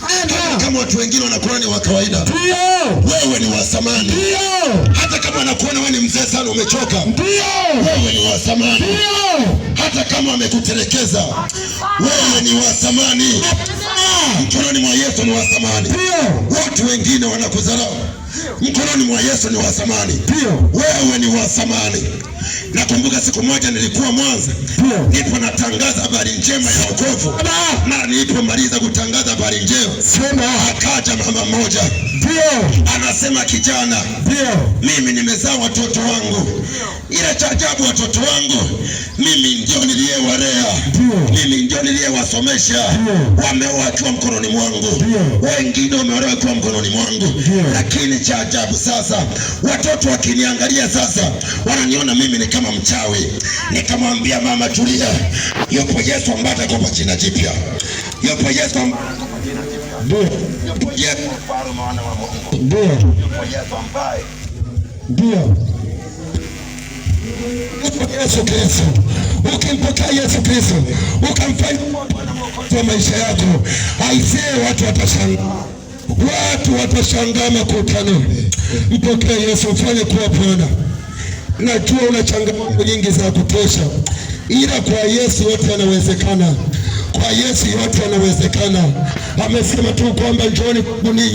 Hata kama watu wengine wanakuona ni wa kawaida, wewe ni wa thamani. Hata kama wanakuona wewe ni mzee sana, umechoka, wewe ni wa thamani. Hata kama wamekutelekeza, wewe ni wa thamani. Mkononi mwa Yesu ni wa thamani. Watu wengine wanakudharau mkononi mwa Yesu ni wa thamani, wewe ni wa thamani. Nakumbuka siku moja nilikuwa Mwanza, nipo natangaza habari njema ya wokovu. Mara nilipomaliza kutangaza habari njema, akaja mama mmoja anasema, kijana, mimi nimezaa watoto wangu kile cha ajabu, watoto wangu mimi ndio niliyewalea, mimi ndio niliyewasomesha, wameoa akiwa mkononi mwangu, wengine wameolewa akiwa mkononi mwangu. Lakini cha ajabu sasa, watoto wakiniangalia sasa, wananiona mimi ni kama mchawi. Nikamwambia mama Julia, yupo Yesu ambaye atakupa jina jipya, yupo Yesu ambaye Yesu Kristo. Ukimpokea Yesu Kristo, ukamfanya Bwana mwokozi wa maisha yako, aisee, watu watashangaa, watu watashangaa makutano. Mpokee Yesu, mfanye kuwa Bwana. Najua una changamoto nyingi za kutosha, ila kwa Yesu yote yanawezekana. Kwa Yesu yote yanawezekana. Amesema tu kwamba njooni